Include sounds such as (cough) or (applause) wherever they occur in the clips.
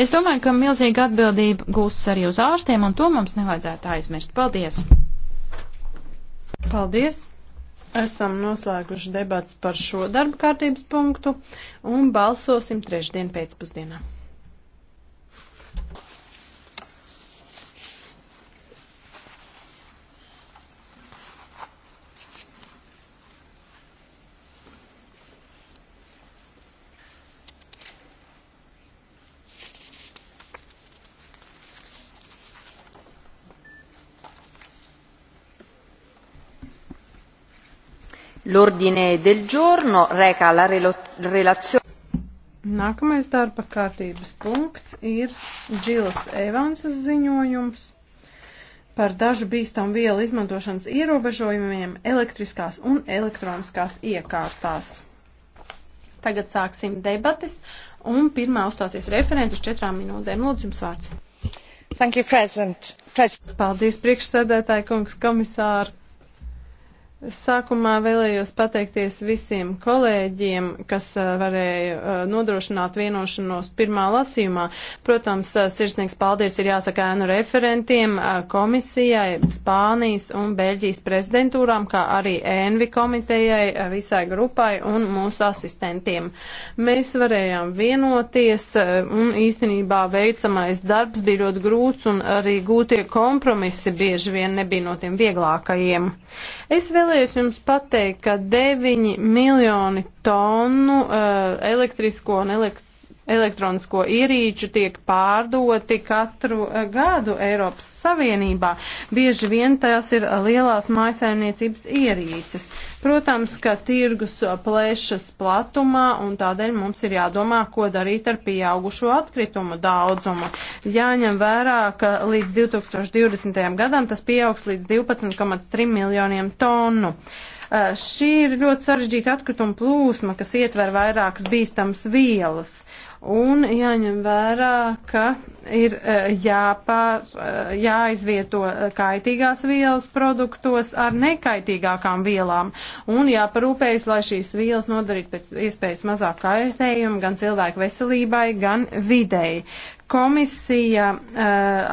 Es domāju, ka milzīga atbildība gūstas arī uz ārstiem, un to mums nevajadzētu aizmirst. Paldies! Paldies! Esam noslēguši debats par šo darba kārtības punktu un balsosim trešdien pēcpusdienā. L'ordine del giorno reca la relazione. Nākamais darba kārtības punkts ir Džils Evansas ziņojums par dažu bīstamu vielu izmantošanas ierobežojumiem elektriskās un elektroniskās iekārtās. Tagad sāksim debatis un pirmā uzstāsies referents uz četrām minūtēm. Lūdzu, jums vārds. Thank you, President. President. Paldies, priekšsēdētāji, kungs, komisāri. Sākumā vēlējos pateikties visiem kolēģiem, kas varēja nodrošināt vienošanos pirmā lasījumā. Protams, sirsnīgs paldies ir jāsaka ēnu referentiem, komisijai, Spānijas un Beļģijas prezidentūrām, kā arī ēnvi komitejai, visai grupai un mūsu asistentiem. Mēs varējām vienoties un īstenībā veicamais darbs bija ļoti grūts un arī gūtie kompromisi bieži vien nebija no tiem vieglākajiem. Es vēl vēlējos jums pateikt, ka 9 miljoni tonu uh, elektrisko un elektrisko elektronisko ierīču tiek pārdoti katru eh, gadu Eiropas Savienībā. Bieži vien tās ir lielās mājsaimniecības ierīces. Protams, ka tirgus plešas platumā un tādēļ mums ir jādomā, ko darīt ar pieaugušo atkritumu daudzumu. Jāņem vērā, ka līdz 2020. gadam tas pieaugs līdz 12,3 miljoniem tonu. Uh, šī ir ļoti sarežģīta atkrituma plūsma, kas ietver vairākas bīstamas vielas, un jāņem vērā, ka ir e, jāpār, e, jāizvieto e, kaitīgās vielas produktos ar nekaitīgākām vielām un jāparūpējas, lai šīs vielas nodarītu pēc iespējas mazāk kaitējumu gan cilvēku veselībai, gan videi. Komisija uh,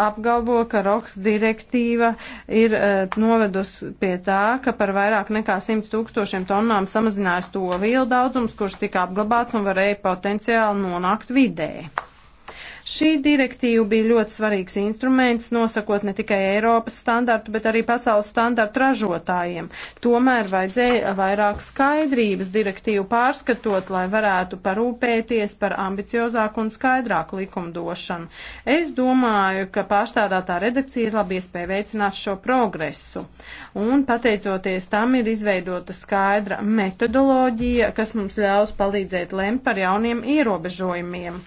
apgalvo, ka ROKS direktīva ir uh, novedus pie tā, ka par vairāk nekā 100 tūkstošiem tonnām samazinās to vielu daudzums, kurš tika apglabāts un varēja potenciāli nonākt nonākt vidē. Šī direktīva bija ļoti svarīgs instruments, nosakot ne tikai Eiropas standartu, bet arī pasaules standartu ražotājiem. Tomēr vajadzēja vairāk skaidrības direktīvu pārskatot, lai varētu parūpēties par ambiciozāku un skaidrāku likumdošanu. Es domāju, ka pārstādātā redakcija ir labi iespēja veicināt šo progresu. Un pateicoties tam ir izveidota skaidra metodoloģija, kas mums ļaus palīdzēt lemt par jauniem ierobežojumiem.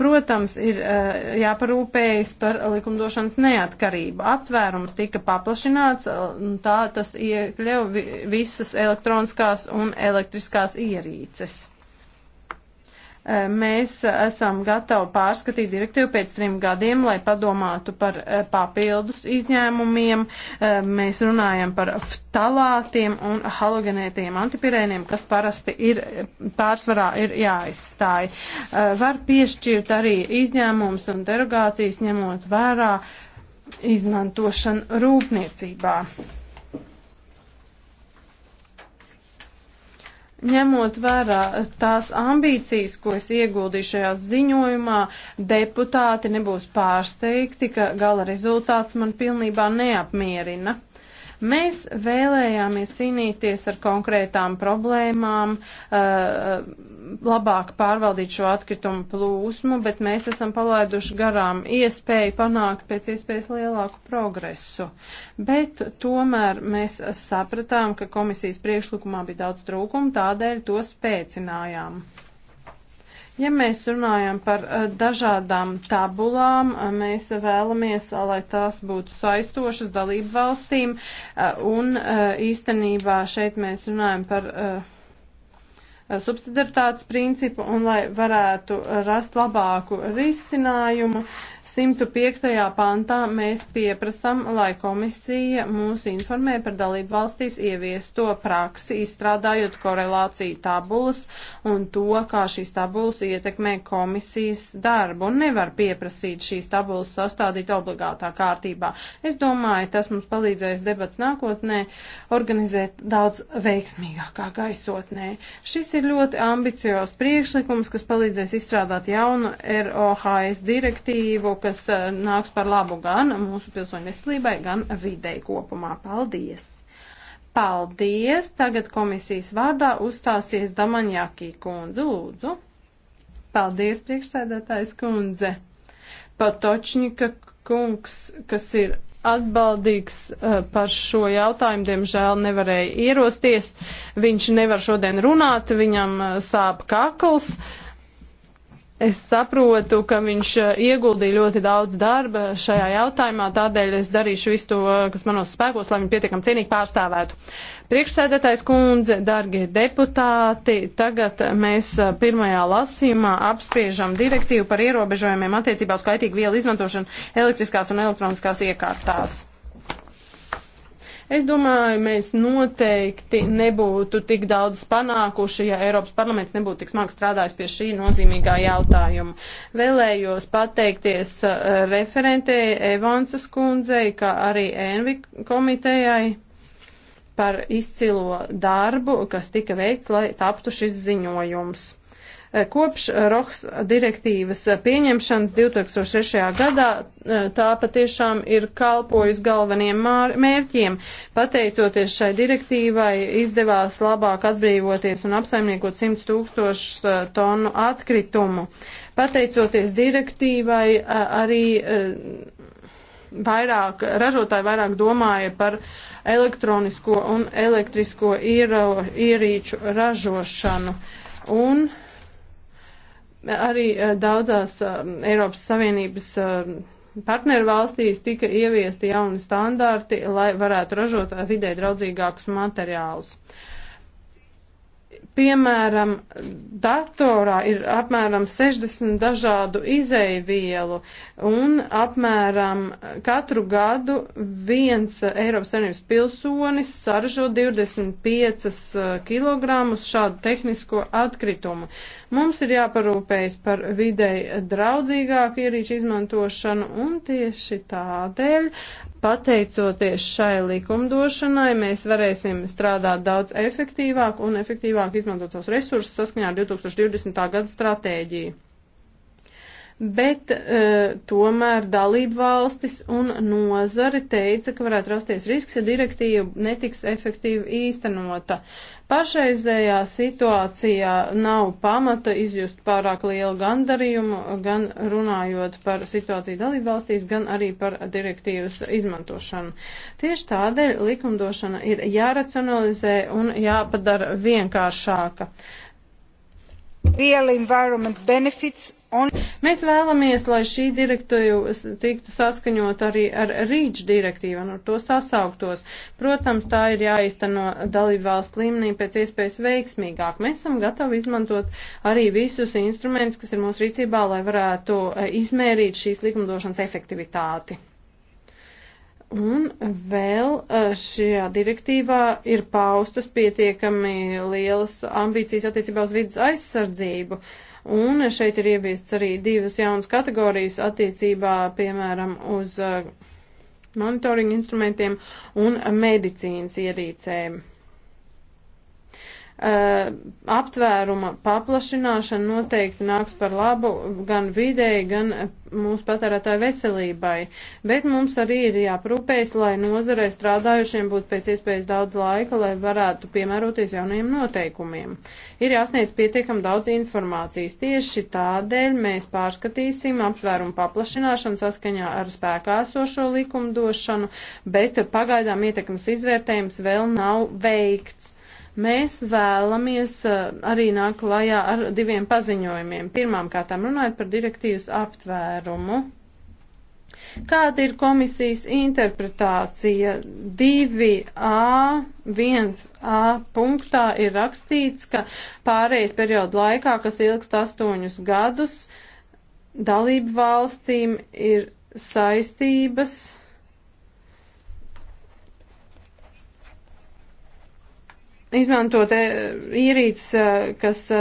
Protams, ir eh, jāparūpējas par likumdošanas neatkarību. Aptvērums tika paplašināts, eh, tā tas iekļauj visas elektroniskās un elektriskās ierīces mēs esam gatavi pārskatīt direktīvu pēc trim gadiem, lai padomātu par eh, papildus izņēmumiem. Eh, mēs runājam par talātiem un halogenētiem antipirēniem, kas parasti ir pārsvarā ir jāizstāj. Eh, var piešķirt arī izņēmums un derogācijas ņemot vērā izmantošanu rūpniecībā. Ņemot vērā tās ambīcijas, ko es ieguldīju šajā ziņojumā, deputāti nebūs pārsteigti, ka gala rezultāts man pilnībā neapmierina. Mēs vēlējāmies cīnīties ar konkrētām problēmām, eh, labāk pārvaldīt šo atkritumu plūsmu, bet mēs esam palaiduši garām iespēju panākt pēc iespējas lielāku progresu. Bet tomēr mēs sapratām, ka komisijas priekšlikumā bija daudz trūkumu, tādēļ to spēcinājām. Ja mēs runājam par eh, dažādām tabulām, eh, mēs vēlamies, eh, lai tās būtu saistošas dalību valstīm, un īstenībā šeit mēs runājam par subsidiaritātes principu, un lai varētu rast labāku risinājumu, 105. pantā mēs pieprasam, lai komisija mūs informē par dalību valstīs ieviesto praksi, izstrādājot korelāciju tabulas un to, kā šīs tabulas ietekmē komisijas darbu. Un nevar pieprasīt šīs tabulas sastādīt obligātā kārtībā. Es domāju, tas mums palīdzēs debats nākotnē organizēt daudz veiksmīgākā gaisotnē. Šis ir ļoti ambiciozs priekšlikums, kas palīdzēs izstrādāt jaunu ROHS direktīvu, kas eh, nāks par labu gan mūsu pilsoņu veselībai, gan videi kopumā. Paldies! Paldies! Tagad komisijas vārdā uzstāsies Damaņākī kundze. Lūdzu! Paldies, priekšsēdētājs kundze! Patočņika kungs, kas ir atbaldīgs eh, par šo jautājumu, diemžēl nevarēja ierosties. Viņš nevar šodien runāt, viņam eh, sāp kakls. Uh, Es saprotu, ka viņš eh, ieguldīja ļoti daudz darba šajā jautājumā, tādēļ es darīšu visu to, eh, kas manos spēkos, lai viņu pietiekam cienīgi pārstāvētu. Priekšsēdētājs kundze, dargie deputāti, tagad mēs eh, pirmajā lasījumā apspriežam direktīvu par ierobežojumiem attiecībā uz kaitīgu vielu izmantošanu elektriskās un elektroniskās iekārtās. Es domāju, mēs noteikti nebūtu tik daudz panākuši, ja Eiropas parlaments nebūtu tik smagi strādājis pie šī nozīmīgā jautājuma. Vēlējos pateikties eh, referentei Evansas kundzei, kā arī Envi komitejai par izcilo darbu, kas tika veikts, lai taptu šis ziņojums. Kopš ROHS direktīvas pieņemšanas 2006. gadā e, tā patiešām ir kalpojusi galveniem mērķiem. Pateicoties šai direktīvai, izdevās labāk atbrīvoties un apsaimniekot 100 tūkstošu e, tonu atkritumu. Pateicoties direktīvai, e, arī vairāk, ražotāji vairāk domāja par elektronisko un elektrisko iero, ierīču ražošanu. Un uh, Arī eh, daudzās eh, Eiropas Savienības eh, partneru valstīs tika ieviesti jauni standarti, lai varētu ražot vidē draudzīgākus materiālus. Uh, Piemēram, datorā ir apmēram 60 dažādu izēvielu un apmēram katru gadu viens Eiropas Savienības pilsonis saražo 25 eh, kg šādu tehnisko atkritumu. Mums ir jāparūpējas par videi draudzīgāku ierīču izmantošanu un tieši tādēļ Pateicoties šai likumdošanai, mēs varēsim strādāt daudz efektīvāk un efektīvāk izmantot savus resursus saskaņā ar 2020. gada stratēģiju bet e, tomēr dalību valstis un nozari teica, ka varētu rasties risks, ja direktīva netiks efektīvi īstenota. Pašreizējā situācijā nav pamata izjust pārāk lielu gandarījumu, gan runājot par situāciju dalību valstīs, gan arī par direktīvas izmantošanu. Tieši tādēļ likumdošana ir jāracionalizē un jāpadara vienkāršāka. Uh, On... Mēs vēlamies, lai šī direktīva tiktu saskaņot arī ar rīču direktīvu un ar to sasauktos. Protams, tā ir jāizteno dalībvalstu līmenī pēc iespējas veiksmīgāk. Mēs esam gatavi izmantot arī visus instrumentus, kas ir mūsu rīcībā, lai varētu eh, izmērīt šīs likumdošanas efektivitāti. Un vēl eh, šajā direktīvā ir paustas pietiekami lielas ambīcijas attiecībā uz vidas aizsardzību. Un šeit ir ieviests arī divas jaunas kategorijas attiecībā, piemēram, uz eh, monitoringa instrumentiem un medicīnas ierīcēm. Eh, aptvēruma paplašināšana noteikti nāks par labu gan videi, gan mūsu patērētāju veselībai. Bet mums arī ir jāprūpējas, lai nozarei strādājušiem būtu pēc iespējas daudz laika, lai varētu piemēroties jaunajiem noteikumiem. Ir jāsniedz pietiekam daudz informācijas. Tieši tādēļ mēs pārskatīsim aptvērumu paplašināšanu saskaņā ar spēkā esošo likumdošanu, bet pagaidām ietekmes izvērtējums vēl nav veikts Mēs vēlamies uh, arī nāk klajā ar diviem paziņojumiem. Pirmām kārtām runājot par direktīvas aptvērumu. Kāda ir komisijas interpretācija? 2A, 1A punktā ir rakstīts, ka pārējais periodu laikā, kas ilgst astoņus gadus, dalību valstīm ir saistības izmantot e, ierīces, e, kas e,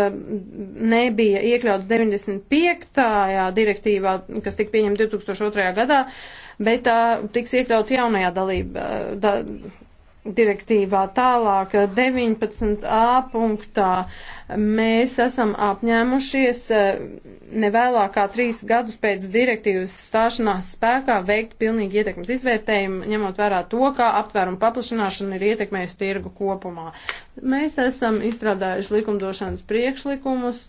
nebija iekļauts 95. direktīvā, kas tika pieņemta 2002. gadā, bet tā tiks iekļaut jaunajā dalība, da, direktīvā tālāk 19a punktā mēs esam apņēmušies eh, nevēlāk kā trīs gadus pēc direktīvas stāšanās spēkā veikt pilnīgi ietekmes izvērtējumu, ņemot vērā to, kā aptvērumu paplašināšana ir ietekmējusi tirgu kopumā. Mēs esam izstrādājuši likumdošanas priekšlikumus,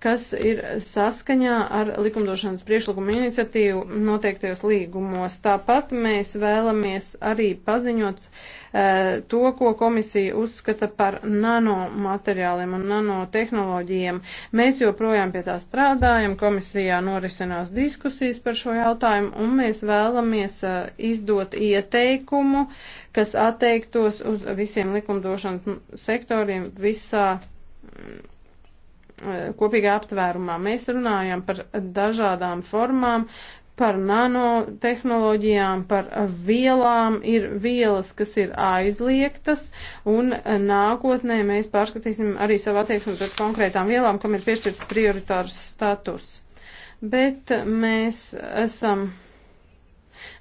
kas ir saskaņā ar likumdošanas priekšlikumu iniciatīvu noteiktajos līgumos. Tāpat mēs vēlamies arī paziņot, uh, Eh, to, ko komisija uzskata par nanomateriāliem un nanotehnoloģijiem. Mēs joprojām pie tā strādājam, komisijā norisinās diskusijas par šo jautājumu, un mēs vēlamies eh, izdot ieteikumu, kas atteiktos uz visiem likumdošanas sektoriem visā eh, kopīgā aptvērumā. Mēs runājam par dažādām formām, par nanotehnoloģijām, par vielām. Ir vielas, kas ir aizliegtas, un nākotnē mēs pārskatīsim arī savu attieksmi pret konkrētām vielām, kam ir piešķirt prioritārs status. Bet mēs esam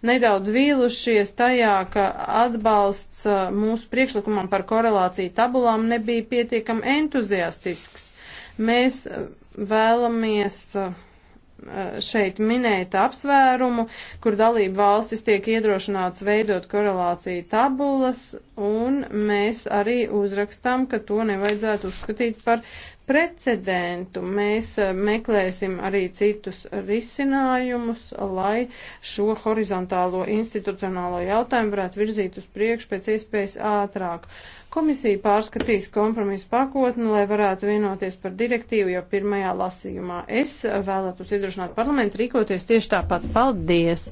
nedaudz vīlušies tajā, ka atbalsts uh, mūsu priekšlikumam par korelāciju tabulām nebija pietiekami entuziastisks. Mēs uh, vēlamies uh, Eh, šeit minēt apsvērumu, kur dalību valstis tiek iedrošināts veidot korelāciju tabulas, un mēs arī uzrakstām, ka to nevajadzētu uzskatīt par precedentu. Mēs e, meklēsim arī citus risinājumus, lai šo horizontālo institucionālo jautājumu varētu virzīt uz priekšu pēc iespējas ātrāk. Komisija pārskatīs kompromisu pakotni, lai varētu vienoties par direktīvu jau pirmajā lasījumā. Es vēlētos iedrošināt parlamentu rīkoties tieši tāpat. Paldies!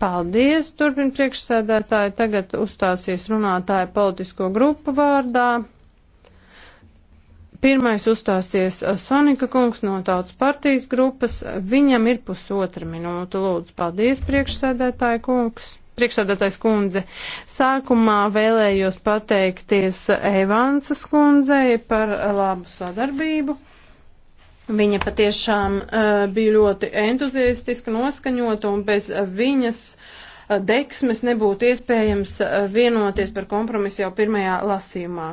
Paldies, turpin priekšsēdētāji. Tagad uzstāsies runātāja politisko grupu vārdā. Pirmais uzstāsies uh, Sonika kungs no tautas partijas grupas. Viņam ir pusotra minūte. Lūdzu, paldies, priekšsēdētāja kungs. Priekšsēdētājs kundze, sākumā vēlējos pateikties Evansas kundzei par uh, labu sadarbību. Viņa patiešām uh, bija ļoti entuziastiska, noskaņota un bez viņas uh, deksmes nebūtu iespējams vienoties par kompromisu jau pirmajā lasījumā.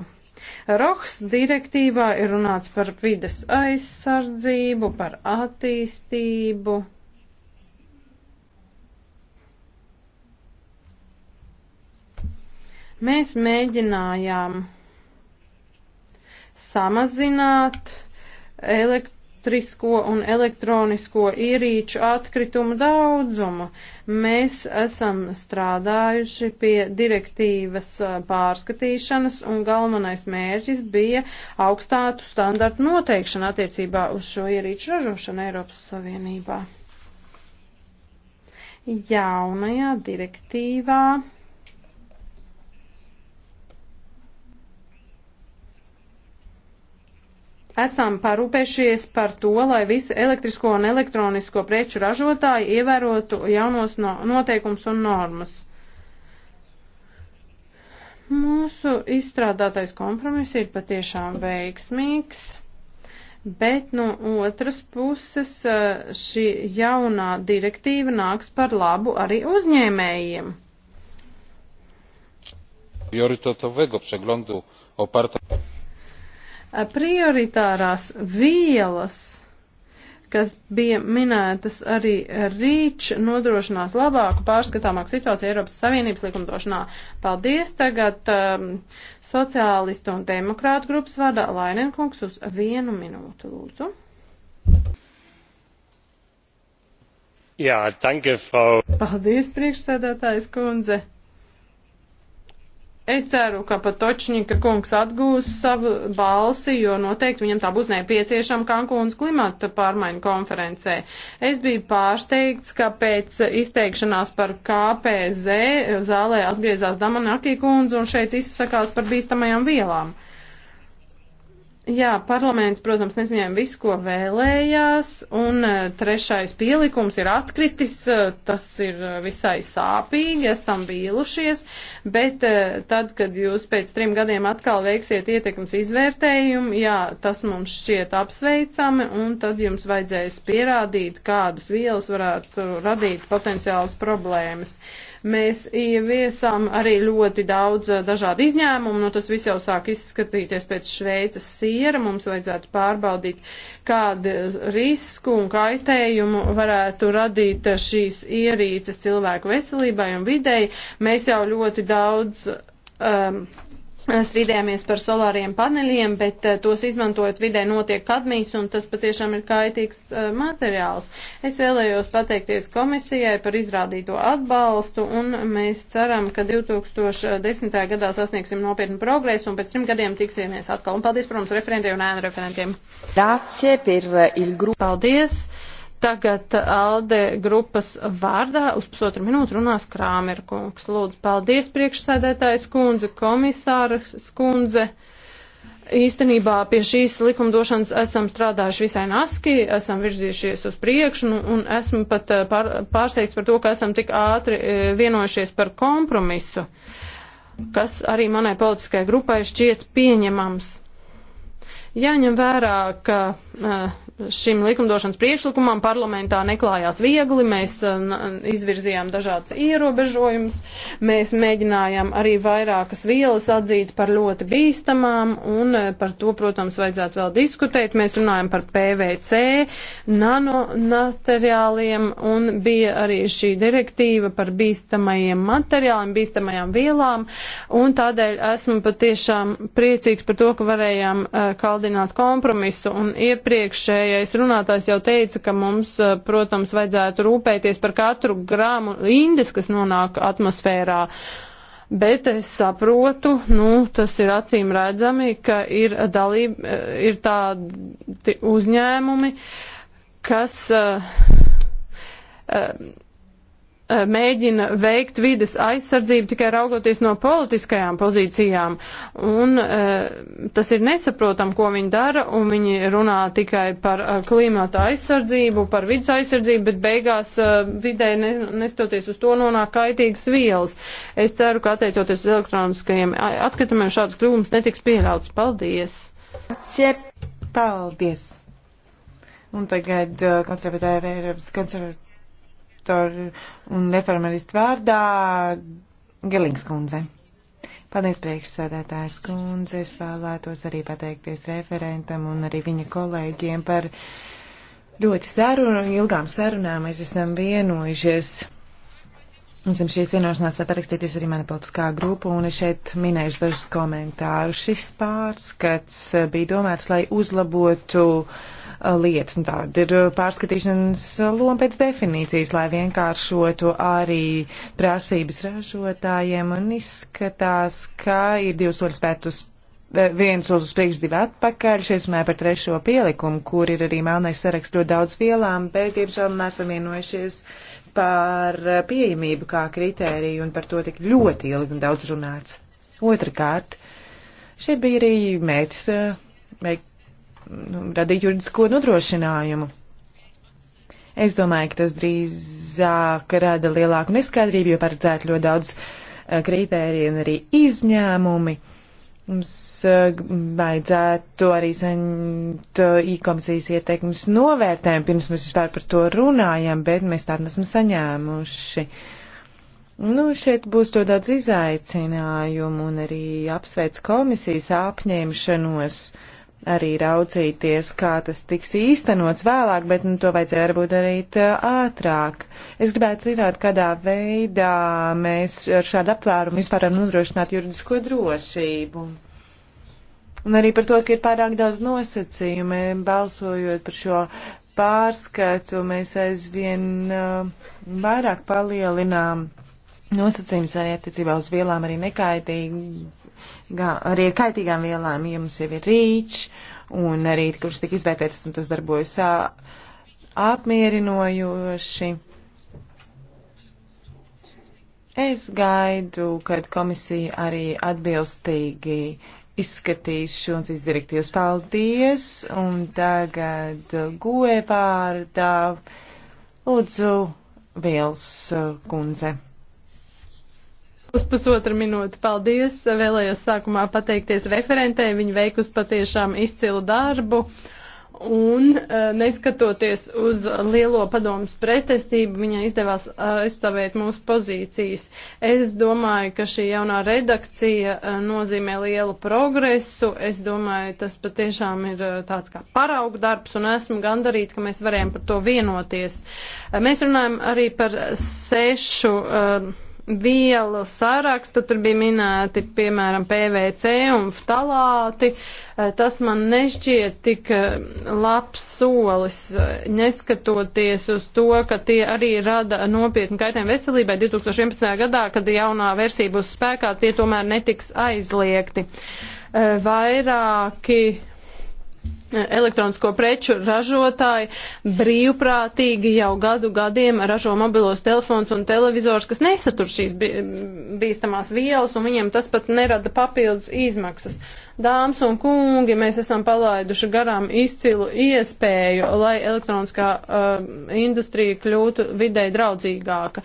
Rohs direktīvā ir runāts par vides aizsardzību, par attīstību. Mēs mēģinājām samazināt elektrību elektrisko un elektronisko ierīču atkritumu daudzumu. Mēs esam strādājuši pie direktīvas pārskatīšanas un galvenais mērķis bija augstātu standartu noteikšana attiecībā uz šo ierīču ražošanu Eiropas Savienībā. Jaunajā direktīvā esam parūpējušies par to, lai visi elektrisko un elektronisko preču ražotāji ievērotu jaunos no, noteikums un normas. Mūsu izstrādātais kompromiss ir patiešām veiksmīgs, bet no otras puses eh, šī jaunā direktīva nāks par labu arī uzņēmējiem. Priorytetowego przeglądu oparta prioritārās vielas kas bija minētas arī rīč, nodrošinās labāku pārskatāmāku situāciju Eiropas Savienības likumdošanā. Paldies tagad um, sociālistu un demokrātu grupas vada Lainenkungs uz vienu minūtu, lūdzu. Jā, tanke, Frau. Paldies, priekšsēdētājs kundze. Es ceru, ka Patočņika kungs atgūs savu balsi, jo noteikti viņam tā būs nepieciešama Kankūnas klimata pārmaiņu konferencē. Es biju pārsteigts, ka pēc izteikšanās par KPZ zālē atgriezās Damanakī kundze un šeit izsakās par bīstamajām vielām. Uh, Jā, parlaments, protams, nesaņēma visu, ko vēlējās, un e, trešais pielikums ir atkritis, e, tas ir visai sāpīgi, esam vīlušies, bet e, tad, kad jūs pēc trim gadiem atkal veiksiet ietekmes izvērtējumu, jā, tas mums šķiet apsveicami, un tad jums vajadzēs pierādīt, kādas vielas varētu radīt potenciālas problēmas. Uh, Mēs ieviesām arī ļoti daudz dažādu izņēmumu, nu tas viss jau sāk izskatīties pēc Šveices siera. Mums vajadzētu pārbaudīt, kādu risku un kaitējumu varētu radīt šīs ierīces cilvēku veselībai un videi. Mēs jau ļoti daudz. Um, strīdējāmies par solāriem paneļiem, bet eh, tos izmantojot vidē notiek kadmijas, un tas patiešām ir kaitīgs uh, materiāls. Es vēlējos pateikties komisijai par izrādīto atbalstu, un mēs ceram, ka 2010. gadā sasniegsim nopietnu progresu, un pēc trim gadiem tiksimies atkal. Un paldies, protams, referentiem un ēnu referentiem. Paldies! Tagad Alde grupas vārdā uz pusotru minūtu runās Krāmer kungs. Lūdzu, paldies priekšsēdētājs kundze, komisārs kundze. Īstenībā pie šīs likumdošanas esam strādājuši visai naski, esam virzījušies uz priekšu nu, un esmu pat eh, pār, pārsteigts par to, ka esam tik ātri eh, vienojušies par kompromisu, kas arī manai politiskajai grupai šķiet pieņemams. Jāņem vērā, ka. Uh, šim likumdošanas priekšlikumam parlamentā neklājās viegli, mēs uh, izvirzījām dažādas ierobežojumus, mēs mēģinājām arī vairākas vielas atzīt par ļoti bīstamām, un uh, par to, protams, vajadzētu vēl diskutēt. Mēs runājam par PVC, nanomateriāliem, un bija arī šī direktīva par bīstamajiem materiāliem, bīstamajām vielām, un tādēļ esmu patiešām priecīgs par to, ka varējām uh, kaldināt kompromisu, un iepriekšēji iepriekšējais runātājs jau teica, ka mums, eh, protams, vajadzētu rūpēties par katru grāmu indes, kas nonāk atmosfērā. Bet es saprotu, nu, tas ir acīm redzami, ka ir, dalība, eh, ir tādi uzņēmumi, kas. Uh, uh, Eh, mēģina veikt vides aizsardzību tikai raugoties no politiskajām pozīcijām. Un eh, tas ir nesaprotam, ko viņi dara, un viņi runā tikai par eh, klimata aizsardzību, par vidas aizsardzību, bet beigās vidē ne, nestoties uz to nonāk kaitīgas vielas. Es ceru, ka atteicoties uz elektroniskajiem atkritumiem šāds kļūmes netiks pieļauts. Paldies! Paldies! Un tagad konservatīvā Eiropas konservatīvā sektoru un reformeristu vārdā Gelings kundze. Paldies, priekšsēdētājs kundze. Es vēlētos arī pateikties referentam un arī viņa kolēģiem par ļoti sarunu, ilgām sarunām. Mēs esam vienojušies. Esam šīs vienošanās var parakstīties arī mana politiskā grupa, un es šeit minēšu dažus komentārus. Šis pārskats bija domāts, lai uzlabotu uh, lietas. Nu, tāda ir uh, pārskatīšanas uh, loma pēc definīcijas, lai vienkāršotu arī prasības ražotājiem un izskatās, ka ir divas soļas pēc uz eh, viens uz priekšu, divi atpakaļ. Šeit runāja par trešo pielikumu, kur ir arī melnais saraksts ļoti daudz vielām, bet, diemžēl, nesam vienojušies par uh, pieejamību kā kritēriju un par to tik ļoti ilgi un daudz runāts. Otrakārt, šeit bija arī mērķis veikt Nu, radīt juridisko nodrošinājumu. Es domāju, ka tas drīzāk rada lielāku neskaidrību, jo paredzētu ļoti daudz eh, kritēriju un arī izņēmumi. Mums eh, vajadzētu arī saņemt īkomisijas eh, ieteikumus novērtējumu, pirms mēs vispār par to runājam, bet mēs tādu nesam saņēmuši. Nu, šeit būs to daudz izaicinājumu un arī apsveic komisijas apņēmšanos. Uh, arī raudzīties, kā tas tiks īstenots vēlāk, bet nu, to vajadzēja varbūt darīt ātrāk. Es gribētu zināt, kādā veidā mēs ar šādu apvērumu vispār varam nodrošināt juridisko drošību. Un arī par to, ka ir pārāk daudz nosacījumu, e, balsojot par šo pārskatu, mēs aizvien uh, vairāk palielinām nosacījums arī attiecībā uz vielām arī nekaitīgi, arī ar kaitīgām vielām, ja mums jau ir rīčs, un arī, kurš tika izvērtēts, un tas darbojas apmierinojoši. Es gaidu, kad komisija arī atbilstīgi izskatīs šos izdirektīvas. Paldies! Un tagad goe vārdā Lūdzu Vils uh, kundze. Uz pusotru minūti paldies. Vēlējos sākumā pateikties referentē. Viņa veikus patiešām izcilu darbu. Un e, neskatoties uz lielo padomus pretestību, viņai izdevās e, aizstāvēt mūsu pozīcijas. Es domāju, ka šī jaunā redakcija e, nozīmē lielu progresu. Es domāju, tas patiešām ir tāds kā paraugu darbs un esmu gandarīta, ka mēs varējām par to vienoties. Mēs runājam arī par sešu. Uh, vielu sarakstu, tur bija minēti, piemēram, PVC un ftalāti. Eh, tas man nešķiet tik eh, labs solis, eh, neskatoties uz to, ka tie arī rada nopietnu kaitējumu veselībai 2011. gadā, kad jaunā versija būs spēkā, tie tomēr netiks aizliegti. Vairāki elektronisko preču ražotāji brīvprātīgi jau gadu gadiem ražo mobilos telefons un televizors, kas nesatur šīs bīstamās vielas, un viņiem tas pat nerada papildus izmaksas. Uh, Dāmas un kungi, mēs esam palaiduši garām izcilu iespēju, lai elektroniskā uh, industrija kļūtu vidē draudzīgāka.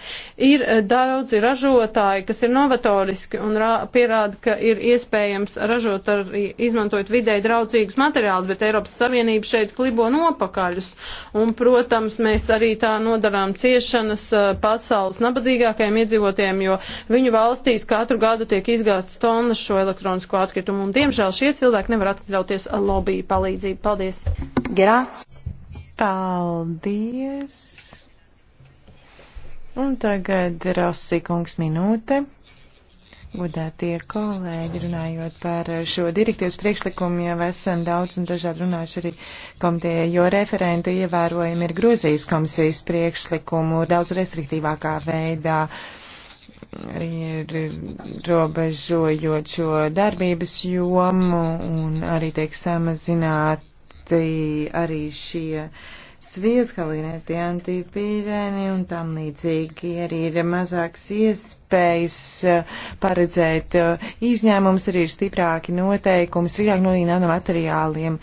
Ir uh, daudzi ražotāji, kas ir novatoriski un pierāda, ka ir iespējams ražot arī izmantojot vidē draudzīgus materiālus, bet Eiropas Savienība šeit klibo nopakaļus. Un, protams, mēs arī tā nodarām ciešanas uh, pasaules nabadzīgākajiem iedzīvotājiem, jo viņu valstīs katru gadu tiek izgāstas tonnas šo elektronisko atkritumu. Un, diemžēl, diemžēl šie cilvēki nevar atļauties lobby palīdzību. Paldies! Grāts! Paldies! Un tagad Rosikungs minūte. Godētie kolēģi, runājot par šo direktīvas priekšlikumu, jau esam daudz un dažādi runājuši arī komitē, jo referenti ievērojami ir Grūzijas komisijas priekšlikumu daudz restriktīvākā veidā. Uh, ierobežojot šo darbības jomu un arī tiek samazināti arī šie svieskalīnēti antipīrēni un tam līdzīgi arī ir mazāks iespējas uh, paredzēt uh, izņēmums, arī ir stiprāki noteikumi, strīdāk no nanomateriāliem.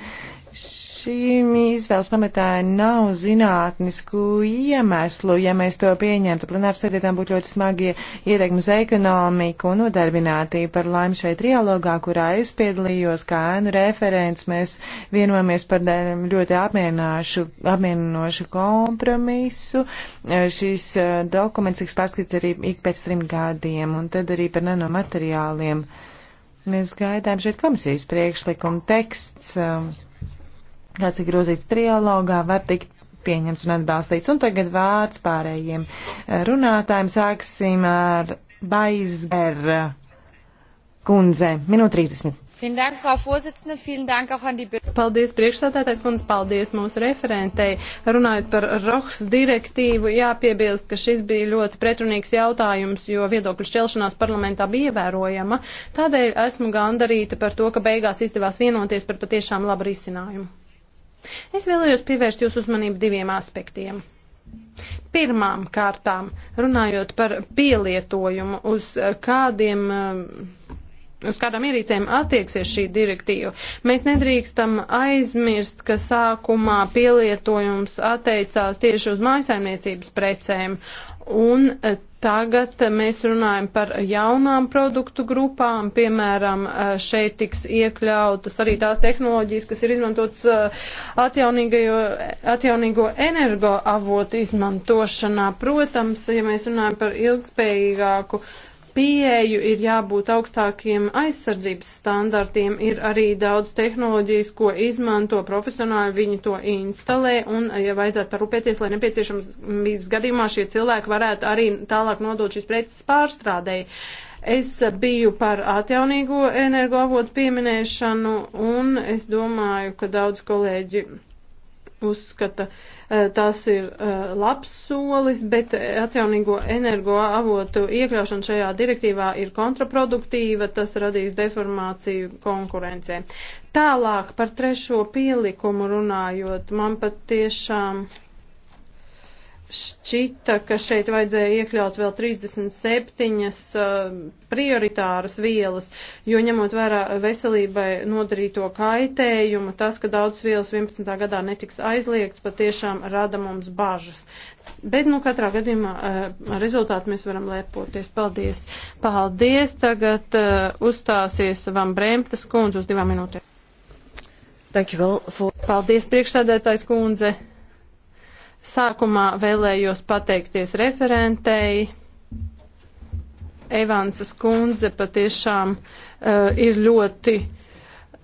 Š šīm izvēles pamatā nav zinātnisku iemeslu. Ja mēs to pieņemtu, plenārs sēdētām būtu ļoti smagi ietekmi uz ekonomiku un nodarbinātību. Par laimi šeit trialogā, kurā es piedalījos kā ēnu referents, mēs vienojamies par ļoti apmierinošu kompromisu. Šis dokuments tiks pārskats arī ik pēc trim gadiem un tad arī par nanomateriāliem. Mēs gaidām šeit komisijas priekšlikumu teksts. Um, kāds ir grozīts trialogā, var tikt pieņemts un atbalstīts. Un tagad vārds pārējiem runātājiem sāksim ar Baisberga kundze. Minūte 30. Paldies priekšsādātais kundze, paldies mūsu referentei. Runājot par ROHS direktīvu, jāpiebilst, ka šis bija ļoti pretrunīgs jautājums, jo viedokļu šķelšanās parlamentā bija ievērojama. Tādēļ esmu gandarīta par to, ka beigās izdevās vienoties par patiešām labu risinājumu. Es vēlējos pievērst jūsu uzmanību diviem aspektiem. Pirmām kārtām, runājot par pielietojumu, uz kādiem. Eh, uz kādām ierīcēm attieksies šī direktīva? Mēs nedrīkstam aizmirst, ka sākumā pielietojums atteicās tieši uz mājasaimniecības precēm, un eh, Tagad eh, mēs runājam par jaunām produktu grupām, piemēram, eh, šeit tiks iekļautas arī tās tehnoloģijas, kas ir izmantotas eh, atjaunīgo energoavotu izmantošanā. Protams, ja mēs runājam par ilgspējīgāku uh, pieeju, ir jābūt augstākiem aizsardzības standartiem, ir arī daudz tehnoloģijas, ko izmanto profesionāli, viņi to instalē, un, ja vajadzētu parūpēties, lai nepieciešams gadījumā šie cilvēki varētu arī tālāk nodot šīs preces pārstrādēji. Es biju par atjaunīgo energoavotu pieminēšanu, un es domāju, ka daudz kolēģi uzskata, eh, tas ir eh, labs solis, bet atjaunīgo energoavotu iekļaušana šajā direktīvā ir kontraproduktīva, tas radīs deformāciju konkurencē. Tālāk par trešo pielikumu runājot, man pat tiešām šķita, ka šeit vajadzēja iekļaut vēl 37 uh, eh, prioritāras vielas, jo ņemot vērā veselībai nodarīto kaitējumu, tas, ka daudz vielas 11. gadā netiks aizliegts, patiešām rada mums bažas. Bet, nu, katrā gadījumā uh, rezultātu mēs varam lepoties. Paldies! Paldies! Tagad uh, uzstāsies Vam Bremtas kundze uz divām minūtēm. Thank you well for... Paldies, priekšsēdētājs kundze! Sākumā vēlējos pateikties referentei. Evansa skundze patiešām uh, ir ļoti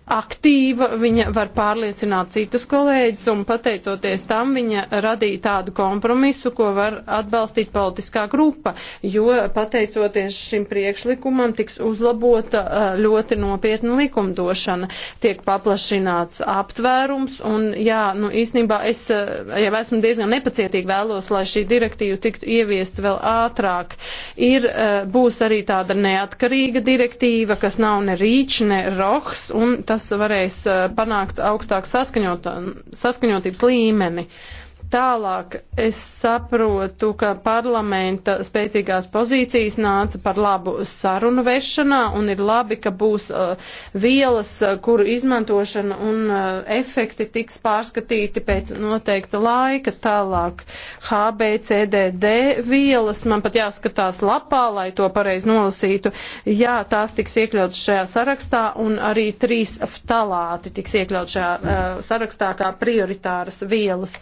aktīva, viņa var pārliecināt citus kolēģus, un pateicoties tam viņa radīja tādu kompromisu, ko var atbalstīt politiskā grupa, jo pateicoties šim priekšlikumam tiks uzlabota eh, ļoti nopietna likumdošana, tiek paplašināts aptvērums, un jā, nu īstenībā es eh, jau esmu diezgan nepacietīgi vēlos, lai šī direktīva tiktu ieviest vēl ātrāk. Ir, eh, būs arī tāda neatkarīga direktīva, kas nav ne rīč, ne roks, un tā tas varēs eh, panākt augstāku saskaņotības līmeni. Uh, Tālāk es saprotu, ka parlamenta spēcīgās pozīcijas nāca par labu sarunu vešanā un ir labi, ka būs uh, vielas, uh, kuru izmantošana un uh, efekti tiks pārskatīti pēc noteikta laika. Tālāk HBCDD vielas, man pat jāskatās lapā, lai to pareizi nolasītu. Jā, tās tiks iekļautas šajā sarakstā un arī trīs ftalāti tiks iekļautas šajā uh, sarakstā kā prioritāras vielas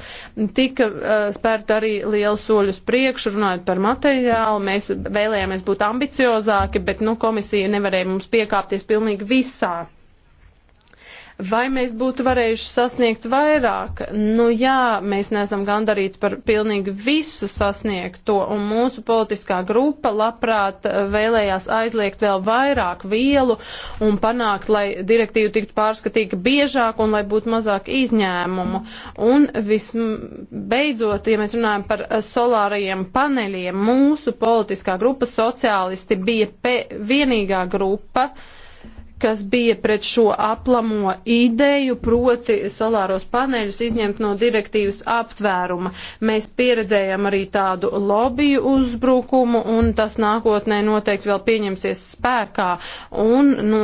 tika uh, spērt arī liela soļus priekšu, runājot par materiālu. Mēs vēlējāmies būt ambiciozāki, bet nu, komisija nevarēja mums piekāpties pilnīgi visā. Vai mēs būtu varējuši sasniegt vairāk? Nu jā, mēs neesam gandarīti par pilnīgi visu sasniegto, un mūsu politiskā grupa labprāt vēlējās aizliegt vēl vairāk vielu un panākt, lai direktīva tiktu pārskatīta biežāk un lai būtu mazāk izņēmumu. Un visbeidzot, ja mēs runājam par solārajiem paneļiem, mūsu politiskā grupa sociālisti bija vienīgā grupa, kas bija pret šo aplamo ideju, proti solāros paneļus izņemt no direktīvas aptvēruma. Mēs pieredzējām arī tādu lobiju uzbrukumu, un tas nākotnē noteikti vēl pieņemsies spēkā. Un, nu,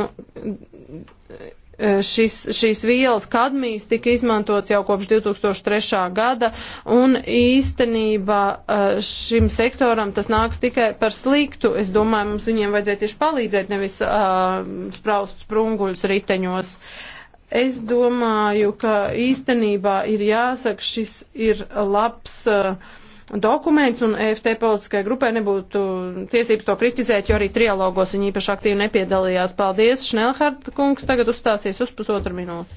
Eh, šis, šīs vielas kadmijas tika izmantots jau kopš 2003. gada, un īstenībā eh, šim sektoram tas nāks tikai par sliktu. Es domāju, mums viņiem vajadzētu tieši palīdzēt, nevis uh, spraust sprunguļus riteņos. Es domāju, ka īstenībā ir jāsaka, šis ir labs. Uh, dokuments, un EFT politiskajai grupai nebūtu tiesības to kritizēt, jo arī trialogos viņi īpaši aktīvi nepiedalījās. Paldies, Šnelhard kungs, tagad uzstāsies uz pusotru minūti.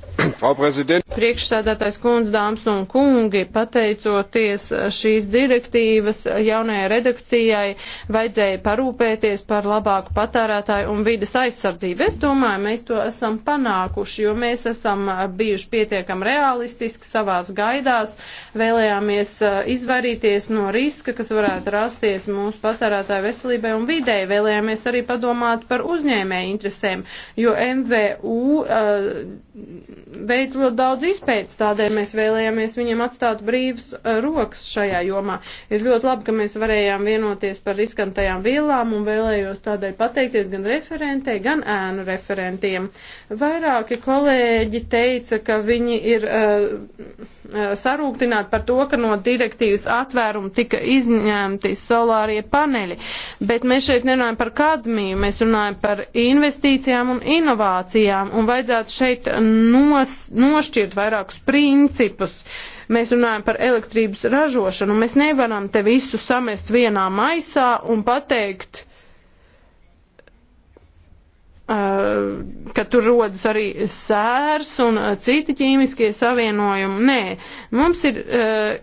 (clears throat) Priekšsēdētais kundz, dāmas un kungi, pateicoties šīs direktīvas jaunajai redakcijai, vajadzēja parūpēties par labāku patērētāju un vides aizsardzību. Es domāju, mēs to esam panākuši, jo mēs esam bijuši pietiekam realistiski savās gaidās, vēlējāmies izvairīties izvairīties no riska, kas varētu rasties mūsu patērētāju veselībai un videi. Vēlējāmies arī padomāt par uzņēmēju interesēm, jo MVU uh, eh, veic ļoti daudz izpētes, tādēļ mēs vēlējāmies viņiem atstāt brīvas uh, rokas šajā jomā. Ir ļoti labi, ka mēs varējām vienoties par riskantajām vielām un vēlējos tādēļ pateikties gan referentei, gan ēnu referentiem. Vairāki kolēģi teica, ka viņi ir. Uh, Eh, sarūktināt par to, ka no direktīvas atvērumu tika izņemti solārie paneļi, bet mēs šeit nerunājam par kadmiju, mēs runājam par investīcijām un inovācijām, un vajadzētu šeit nos, nošķirt vairākus principus. Mēs runājam par elektrības ražošanu, mēs nevaram te visu samest vienā maisā un pateikt, ka tur rodas arī sērs un uh, citi ķīmiskie savienojumi. Nē, mums ir uh,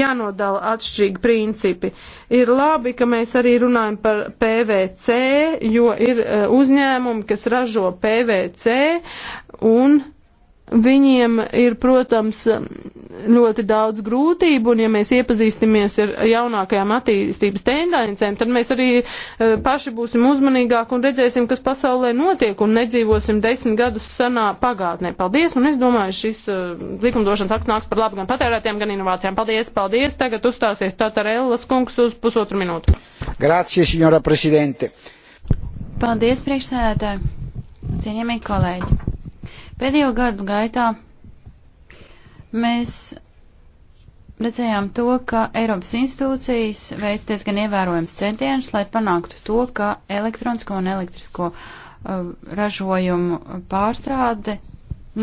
jānodala atšķirīgi principi. Ir labi, ka mēs arī runājam par PVC, jo ir uh, uzņēmumi, kas ražo PVC un Viņiem ir, protams, ļoti daudz grūtību, un ja mēs iepazīstamies ar jaunākajām attīstības tendencēm, tad mēs arī e, paši būsim uzmanīgāki un redzēsim, kas pasaulē notiek, un nedzīvosim desmit gadus senā pagātnē. Paldies, un es domāju, šis e, likumdošanas akts nāks par labu gan patērētiem, gan inovācijām. Paldies, paldies. Tagad uzstāsies Tatarellas kungs uz pusotru minūtu. Grazie, signora prezidente. Paldies, priekšsēdētāji. Cienījamie kolēģi. Pēdējo gadu gaitā mēs redzējām to, ka Eiropas institūcijas veic diezgan ievērojams centienus, lai panāktu to, ka elektronisko un elektrisko uh, ražojumu pārstrāde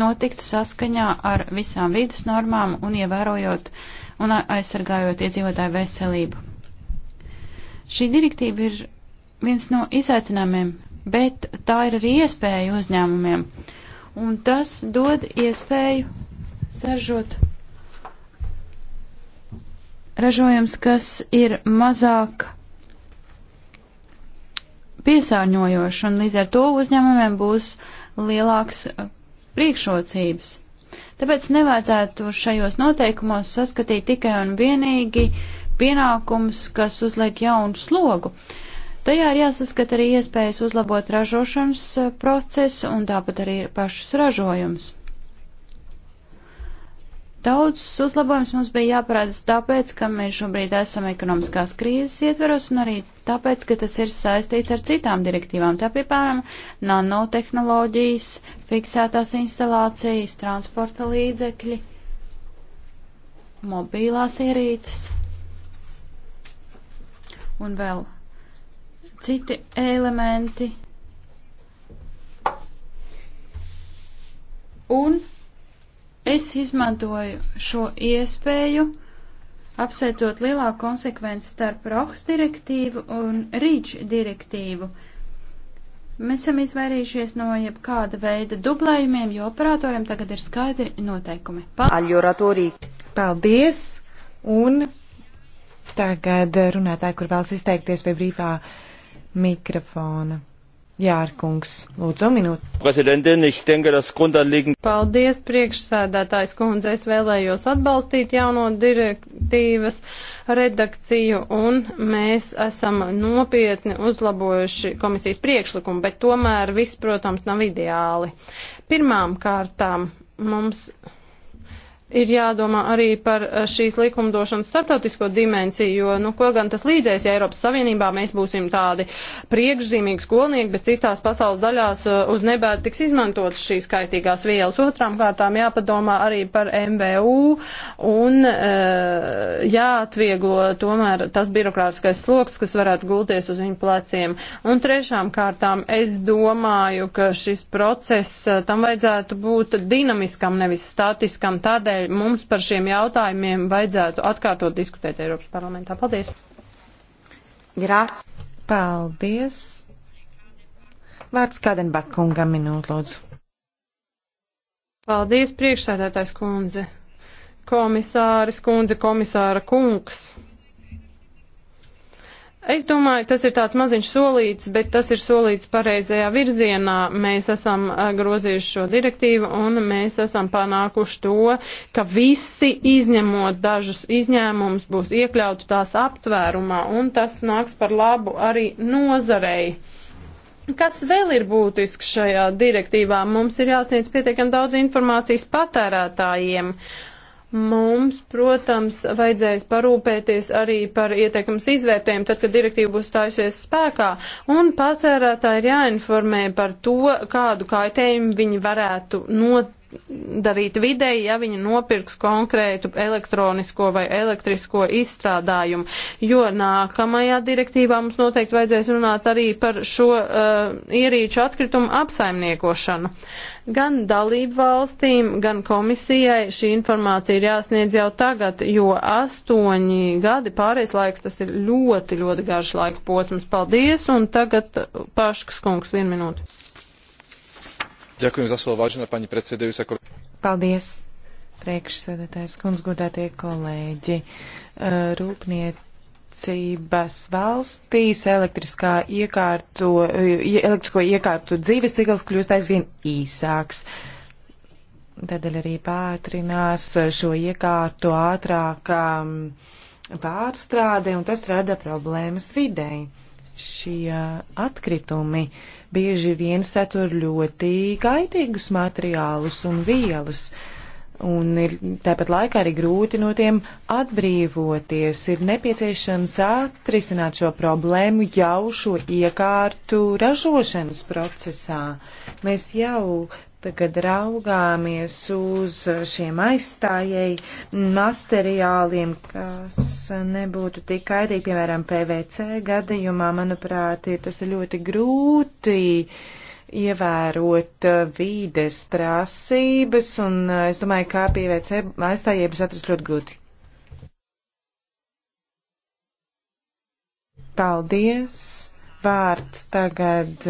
notiktu saskaņā ar visām vidas normām un ievērojot un aizsargājot iedzīvotāju veselību. Šī direktīva ir viens no izaicinājumiem, bet tā ir arī iespēja uzņēmumiem. Uh, un tas dod iespēju saržot ražojums, kas ir mazāk piesārņojoši, un līdz ar to uzņēmumiem būs lielāks uh, priekšrocības. Tāpēc nevajadzētu šajos noteikumos saskatīt tikai un vienīgi pienākums, kas uzliek jaunu slogu. Uh, Tajā ir jāsaskat arī iespējas uzlabot ražošanas eh, procesu un tāpat arī pašus ražojumus. Daudzus uzlabojumus mums bija jāparādz tāpēc, ka mēs šobrīd esam ekonomiskās krīzes ietveros un arī tāpēc, ka tas ir saistīts ar citām direktīvām. Tā piemēram, nanotehnoloģijas, fiksētās instalācijas, transporta līdzekļi, mobilās ierīces un vēl citi elementi. Un es izmantoju šo iespēju, apsveicot lielāku konsekvenci starp ROHS direktīvu un REACH direktīvu. Mēs esam izvairījušies no jebkāda veida dublējumiem, jo operatoriem tagad ir skaidri noteikumi. Paldies! Paldies! Un tagad runātāji, kur vēlas izteikties pie brīvā mikrofona. Jārkungs, lūdzu, minūti. Paldies, priekšsēdētājs kundze. Es vēlējos atbalstīt jauno direktīvas redakciju, un mēs esam nopietni uzlabojuši komisijas priekšlikumu, bet tomēr viss, protams, nav ideāli. Pirmām kārtām mums ir jādomā arī par eh, šīs likumdošanas starptautisko dimensiju, jo, nu, ko gan tas līdzēs, ja Eiropas Savienībā mēs būsim tādi priekšzīmīgi skolnieki, bet citās pasaules daļās eh, uz nebēdu tiks izmantotas šīs kaitīgās vielas. Otrām kārtām jāpadomā arī par MVU un e, jāatvieglo tomēr tas birokrātiskais sloks, kas varētu gulties uz viņu pleciem. Un trešām kārtām es domāju, ka šis process tam vajadzētu būt dinamiskam, nevis statiskam. Tādēļ Tādēļ mums par šiem jautājumiem vajadzētu atkārtot diskutēt Eiropas parlamentā. Paldies! Grāts. Paldies! Vārds Kādenbak kungam minūte, lūdzu. Paldies, priekšsēdētājs kundze, komisāris kundze, komisāra kungs. Es domāju, tas ir tāds maziņš solīts, bet tas ir solīts pareizajā virzienā. Mēs esam grozījuši šo direktīvu un mēs esam panākuši to, ka visi izņemot dažus izņēmumus būs iekļauti tās aptvērumā un tas nāks par labu arī nozarei. Kas vēl ir būtisks šajā direktīvā? Mums ir jāsniedz pietiekami daudz informācijas patērētājiem. Uh, Mums, protams, vajadzēs parūpēties arī par ieteikums izvērtējumu, tad, kad direktīva būs stājusies spēkā, un patērētāji ir jāinformē par to, kādu kaitējumu viņi varētu not darīt videi, ja viņi nopirks konkrētu elektronisko vai elektrisko izstrādājumu, jo nākamajā direktīvā mums noteikti vajadzēs runāt arī par šo uh, ierīču atkritumu apsaimniekošanu. Gan dalību valstīm, gan komisijai šī informācija ir jāsniedz jau tagad, jo astoņi gadi pārējais laiks tas ir ļoti, ļoti garš laika posms. Paldies, un tagad Paškas kungs, vienu minūti. Ďakujem za slovo, vážená pani predsedajúca. Paldies, priekšsēdētājs kundz, godātie kolēģi. E, rūpniecības valstīs elektriskā iekārto, e, elektrisko iekārtu dzīves cikls kļūst aizvien īsāks. Tādēļ arī pātrinās šo iekārtu ātrāk pārstrāde, un tas rada problēmas videi šie atkritumi bieži vien satur ļoti kaitīgus materiālus un vielas. Un ir tāpat laikā arī grūti no tiem atbrīvoties. Ir nepieciešams atrisināt šo problēmu jau šo iekārtu ražošanas procesā. Mēs jau Tagad raugāmies uz šiem aizstājēji materiāliem, kas nebūtu tik kaitīgi, piemēram, PVC gadījumā, manuprāt, ir tas ir ļoti grūti ievērot vīdes prasības, un es domāju, kā PVC aizstājēji būs atrast ļoti grūti. Paldies! Vārds tagad.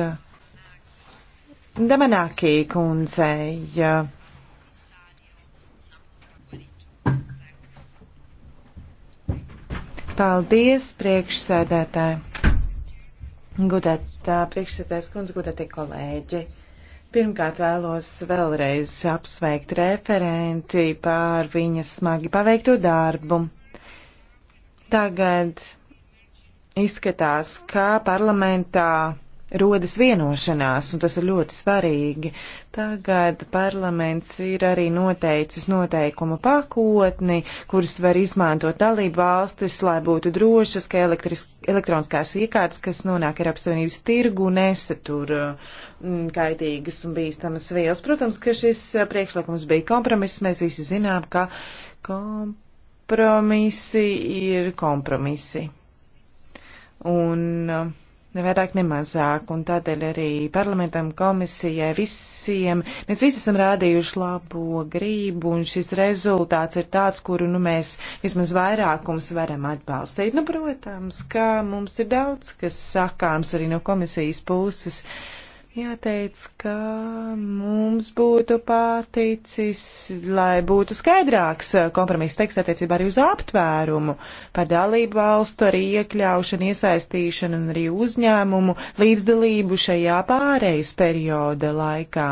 Damanākī kundzei. Paldies, priekšsēdētāji. Gudēt, priekšsēdētājs kundze, gudētie kolēģi. Pirmkārt vēlos vēlreiz apsveikt referenti pār viņas smagi paveikto darbu. Tagad izskatās, ka parlamentā rodas vienošanās, un tas ir ļoti svarīgi. Tagad parlaments ir arī noteicis noteikumu pakotni, kuras var izmantot dalību valstis, lai būtu drošas, ka elektroniskās iekārtas, kas nonāk Eiropas Savienības tirgu, nesatur mm, kaitīgas un bīstamas vielas. Protams, ka šis priekšlikums bija kompromiss, mēs visi zinām, ka kompromisi ir kompromisi. Un uh, ne vairāk, ne mazāk. Un tādēļ arī parlamentam, komisijai, visiem, mēs visi esam rādījuši labo grību, un šis rezultāts ir tāds, kuru nu, mēs vismaz vairākums varam atbalstīt. Nu, protams, ka mums ir daudz, kas sakāms arī no komisijas puses. Uh, Jāteic, ka mums būtu paticis, lai būtu skaidrāks eh, kompromiss teksts attiecībā arī uz aptvērumu par dalību valstu, arī iekļaušanu, iesaistīšanu un arī uzņēmumu līdzdalību šajā pārejas perioda laikā.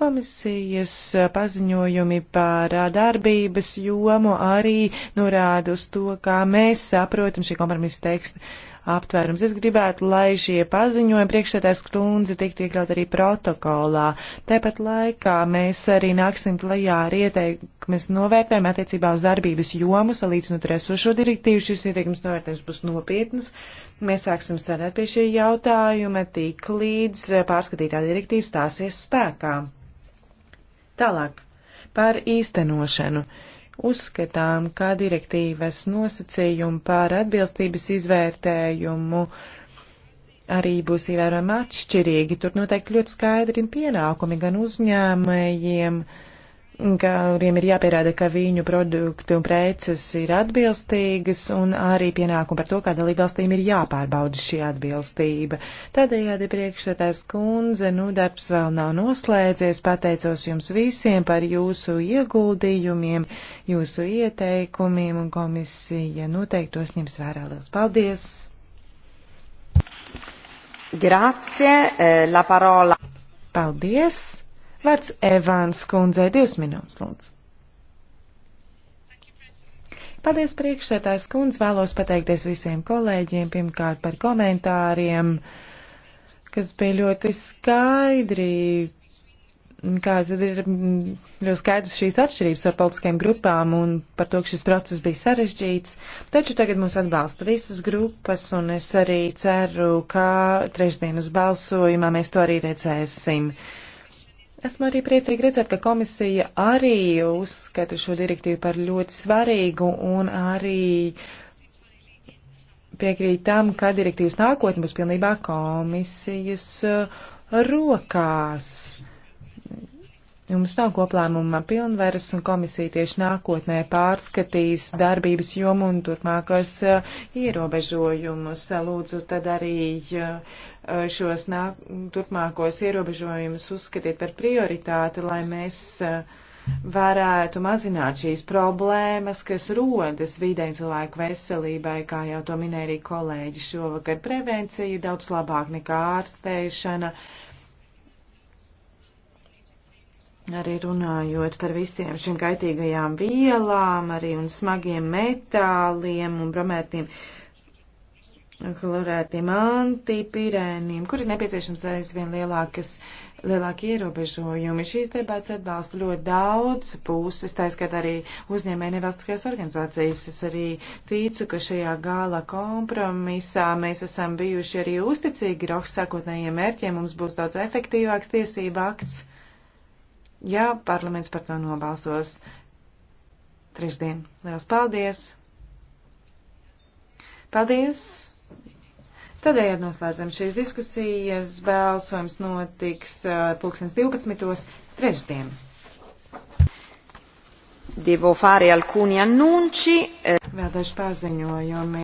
Komisijas paziņojumi par darbības jomu arī norāda uz to, kā mēs saprotam šī kompromisa teksta aptvērums. Es gribētu, lai šie paziņojumi priekšsētājs klundze tiktu iekļaut arī protokolā. Tāpat laikā mēs arī nāksim klajā ar ieteikumus novērtējumu attiecībā uz darbības jomu, salīdzinot ar esošo direktīvu. Šis ieteikums novērtējums būs nopietns. Mēs sāksim strādāt pie šī jautājuma tik līdz pārskatītā direktīva stāsies spēkā. Tālāk par īstenošanu. Uh, Uzskatām, kā direktīvas nosacījumi par atbilstības izvērtējumu arī būs ievērojami atšķirīgi. Tur noteikti ļoti skaidri pienākumi gan uzņēmējiem, uh, kuriem ir jāpierāda, ka viņu produkti un preces ir atbilstīgas, un arī pienākumu par to, kā dalībvalstīm ir jāpārbauda šī atbilstība. Tādējādi priekšsētājs kundze, nu darbs vēl nav noslēdzies, pateicos jums visiem par jūsu ieguldījumiem, jūsu ieteikumiem, un komisija noteikti tos ņems vērā. Lielas paldies! Grazie, eh, la parola. Paldies! Vārds Evāns kundzei divas minūtes, lūdzu. Paldies priekšsētājs kundz, vēlos pateikties visiem kolēģiem, pirmkārt par komentāriem, kas bija ļoti skaidri, kāds ir mm, ļoti skaidrs šīs atšķirības ar politiskajām grupām un par to, ka šis process bija sarežģīts. Taču tagad mūs atbalsta visas grupas un es arī ceru, ka trešdienas balsojumā mēs to arī redzēsim. Uh, Esmu arī priecīgi redzēt, ka komisija arī uzskata šo direktīvu par ļoti svarīgu un arī piekrīt tam, ka direktīvas nākotne būs pilnībā komisijas uh, rokās. Mums nav koplēmuma pilnveres un komisija tieši nākotnē pārskatīs darbības jomu un turpmākos eh, ierobežojumus. Lūdzu, tad arī eh, šos nāk, turpmākos ierobežojumus uzskatīt par prioritāti, lai mēs eh, varētu mazināt šīs problēmas, kas rodas vidē cilvēku veselībai, kā jau to minēja arī kolēģi šovakar. Prevencija ir daudz labāk nekā ārstēšana. Uh, Arī runājot par visiem šiem kaitīgajām vielām, arī un smagiem metāliem un bromētiem klorētiem antipirēniem, kur ir nepieciešams aizvien lielākas, lielāki ierobežojumi. Šīs debats atbalsta ļoti daudz puses, tā skat arī uzņēmē nevalstiskajās organizācijas. Es arī ticu, ka šajā gala kompromisā mēs esam bijuši arī uzticīgi rohs sākotnējiem mērķiem, mums būs daudz efektīvāks tiesība akts ja parlaments par to nobalsos trešdien. Lielas paldies! Paldies! Tādējādi noslēdzam šīs diskusijas. Balsojums notiks pulkstens 12. trešdien. Devo fare alcuni annunci. Vēl daži paziņojumi.